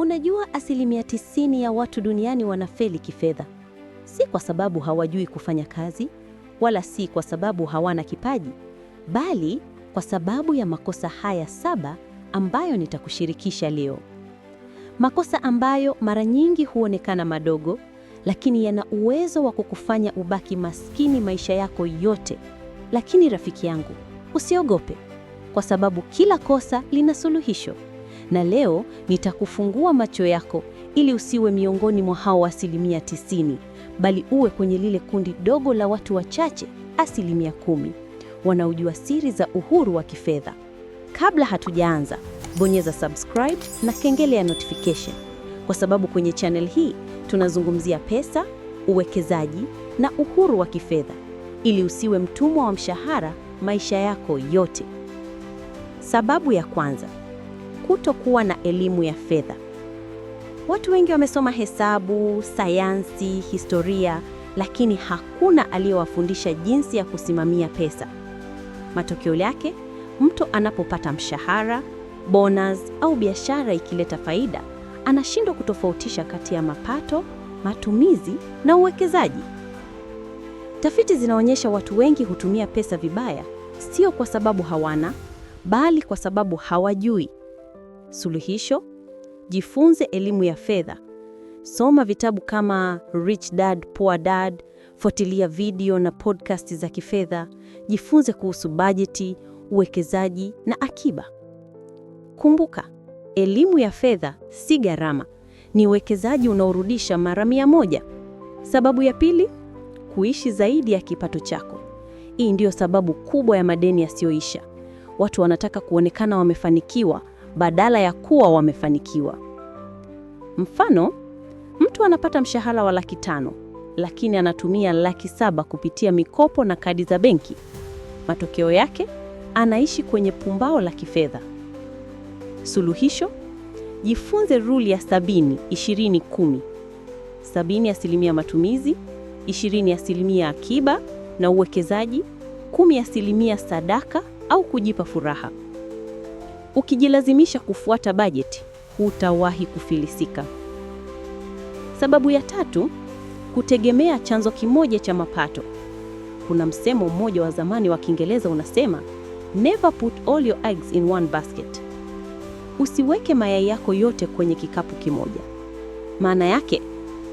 Unajua, asilimia tisini ya watu duniani wanafeli kifedha, si kwa sababu hawajui kufanya kazi wala si kwa sababu hawana kipaji, bali kwa sababu ya makosa haya saba ambayo nitakushirikisha leo. Makosa ambayo mara nyingi huonekana madogo, lakini yana uwezo wa kukufanya ubaki maskini maisha yako yote. Lakini rafiki yangu, usiogope, kwa sababu kila kosa lina suluhisho na leo nitakufungua macho yako ili usiwe miongoni mwa hao asilimia tisini, bali uwe kwenye lile kundi dogo la watu wachache, asilimia kumi, wanaojua siri za uhuru wa kifedha. Kabla hatujaanza, bonyeza subscribe na kengele ya notification, kwa sababu kwenye channel hii tunazungumzia pesa, uwekezaji na uhuru wa kifedha, ili usiwe mtumwa wa mshahara maisha yako yote. Sababu ya kwanza, kutokuwa na elimu ya fedha. Watu wengi wamesoma hesabu, sayansi, historia, lakini hakuna aliyewafundisha jinsi ya kusimamia pesa. Matokeo yake, mtu anapopata mshahara, bonus au biashara ikileta faida, anashindwa kutofautisha kati ya mapato, matumizi na uwekezaji. Tafiti zinaonyesha watu wengi hutumia pesa vibaya, sio kwa sababu hawana, bali kwa sababu hawajui. Suluhisho: jifunze elimu ya fedha. Soma vitabu kama Rich Dad Poor Dad, fuatilia video na podcast za kifedha, jifunze kuhusu bajeti, uwekezaji na akiba. Kumbuka, elimu ya fedha si gharama, ni uwekezaji unaorudisha mara mia moja. Sababu ya pili, kuishi zaidi ya kipato chako. Hii ndiyo sababu kubwa ya madeni yasiyoisha. Watu wanataka kuonekana wamefanikiwa badala ya kuwa wamefanikiwa. Mfano, mtu anapata mshahara wa laki tano lakini anatumia laki saba kupitia mikopo na kadi za benki. Matokeo yake anaishi kwenye pumbao la kifedha. Suluhisho: jifunze ruli ya sabini ishirini kumi. Sabini asilimia matumizi, ishirini asilimia akiba na uwekezaji, kumi asilimia sadaka au kujipa furaha. Ukijilazimisha kufuata bajeti, hutawahi kufilisika. Sababu ya tatu, kutegemea chanzo kimoja cha mapato. Kuna msemo mmoja wa zamani wa Kiingereza unasema, Never put all your eggs in one basket. Usiweke mayai yako yote kwenye kikapu kimoja. Maana yake,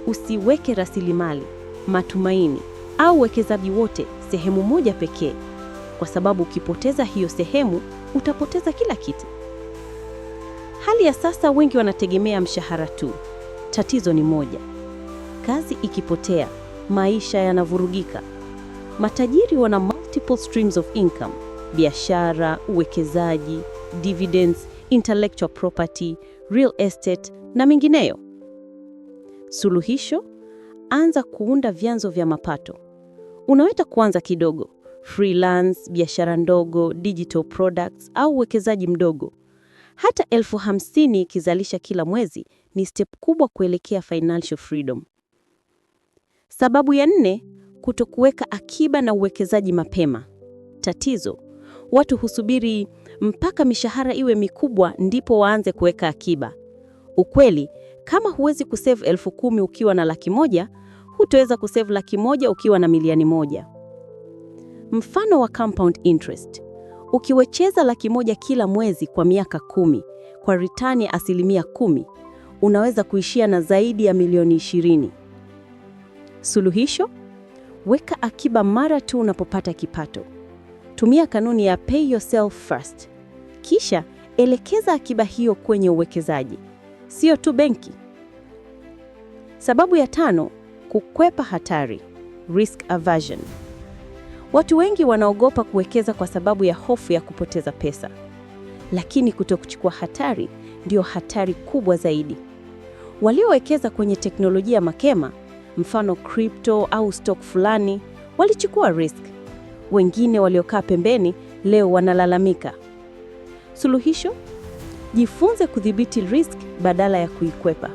usiweke rasilimali, matumaini au wekezaji wote sehemu moja pekee, kwa sababu ukipoteza hiyo sehemu utapoteza kila kitu. Hali ya sasa, wengi wanategemea mshahara tu. Tatizo ni moja, kazi ikipotea, maisha yanavurugika. Matajiri wana multiple streams of income: biashara, uwekezaji, dividends, intellectual property, real estate na mengineyo. Suluhisho: anza kuunda vyanzo vya mapato. Unaweza kuanza kidogo, freelance, biashara ndogo, digital products au uwekezaji mdogo. Hata elfu hamsini ikizalisha kila mwezi ni step kubwa kuelekea financial freedom. Sababu ya nne, kutokuweka akiba na uwekezaji mapema. Tatizo, watu husubiri mpaka mishahara iwe mikubwa ndipo waanze kuweka akiba. Ukweli, kama huwezi kusave elfu kumi ukiwa na laki moja, hutaweza kusave laki moja ukiwa na milioni moja. Mfano wa compound interest, ukiwekeza laki moja kila mwezi kwa miaka kumi kwa return ya asilimia kumi, unaweza kuishia na zaidi ya milioni ishirini. Suluhisho: weka akiba mara tu unapopata kipato. Tumia kanuni ya pay yourself first, kisha elekeza akiba hiyo kwenye uwekezaji, sio tu benki. Sababu ya tano: kukwepa hatari, risk aversion. Watu wengi wanaogopa kuwekeza kwa sababu ya hofu ya kupoteza pesa, lakini kutokuchukua hatari ndio hatari kubwa zaidi. Waliowekeza kwenye teknolojia makema, mfano crypto au stock fulani, walichukua risk. Wengine waliokaa pembeni leo wanalalamika. Suluhisho: jifunze kudhibiti risk badala ya kuikwepa.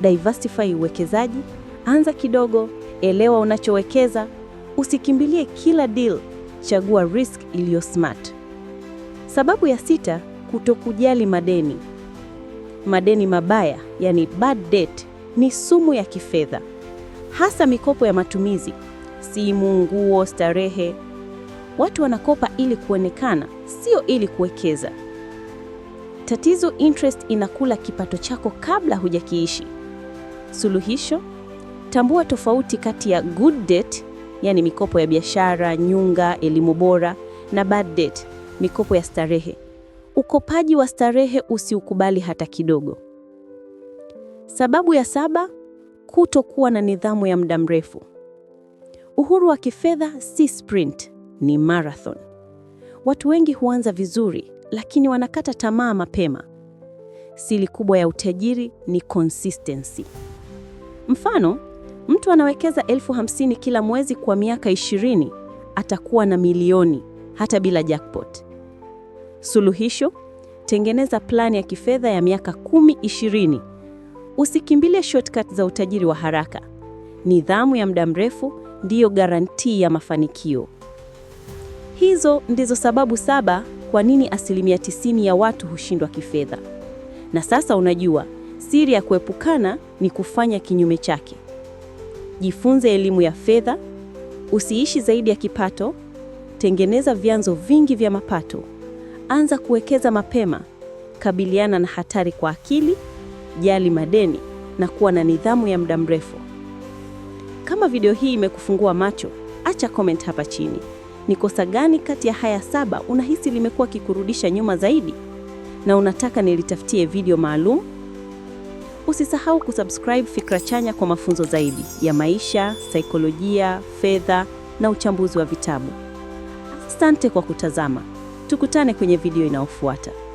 Diversify uwekezaji, anza kidogo, elewa unachowekeza. Usikimbilie kila deal, chagua risk iliyo smart. Sababu ya sita, kutokujali madeni. Madeni mabaya, yani bad debt, ni sumu ya kifedha, hasa mikopo ya matumizi, simu, nguo, starehe. Watu wanakopa ili kuonekana, sio ili kuwekeza. Tatizo, interest inakula kipato chako kabla hujakiishi. Suluhisho: tambua tofauti kati ya good debt yani mikopo ya biashara, nyunga, elimu bora na bad debt, mikopo ya starehe. Ukopaji wa starehe usiukubali hata kidogo. Sababu ya saba, kutokuwa na nidhamu ya muda mrefu. Uhuru wa kifedha si sprint, ni marathon. Watu wengi huanza vizuri, lakini wanakata tamaa mapema. Siri kubwa ya utajiri ni consistency. Mfano, Mtu anawekeza elfu hamsini kila mwezi kwa miaka ishirini atakuwa na milioni hata bila jackpot. Suluhisho: tengeneza plani ya kifedha ya miaka kumi ishirini. Usikimbilie shortcut za utajiri wa haraka. Nidhamu ya muda mrefu ndiyo garantii ya mafanikio. Hizo ndizo sababu saba kwa nini asilimia tisini ya watu hushindwa kifedha. Na sasa unajua siri ya kuepukana ni kufanya kinyume chake jifunze elimu ya fedha, usiishi zaidi ya kipato, tengeneza vyanzo vingi vya mapato, anza kuwekeza mapema, kabiliana na hatari kwa akili, jali madeni na kuwa na nidhamu ya muda mrefu. Kama video hii imekufungua macho, acha comment hapa chini. Ni kosa gani kati ya haya saba unahisi limekuwa kikurudisha nyuma zaidi na unataka nilitafutie video maalum? Usisahau kusubscribe Fikra Chanya kwa mafunzo zaidi ya maisha, saikolojia, fedha na uchambuzi wa vitabu. Asante kwa kutazama. Tukutane kwenye video inayofuata.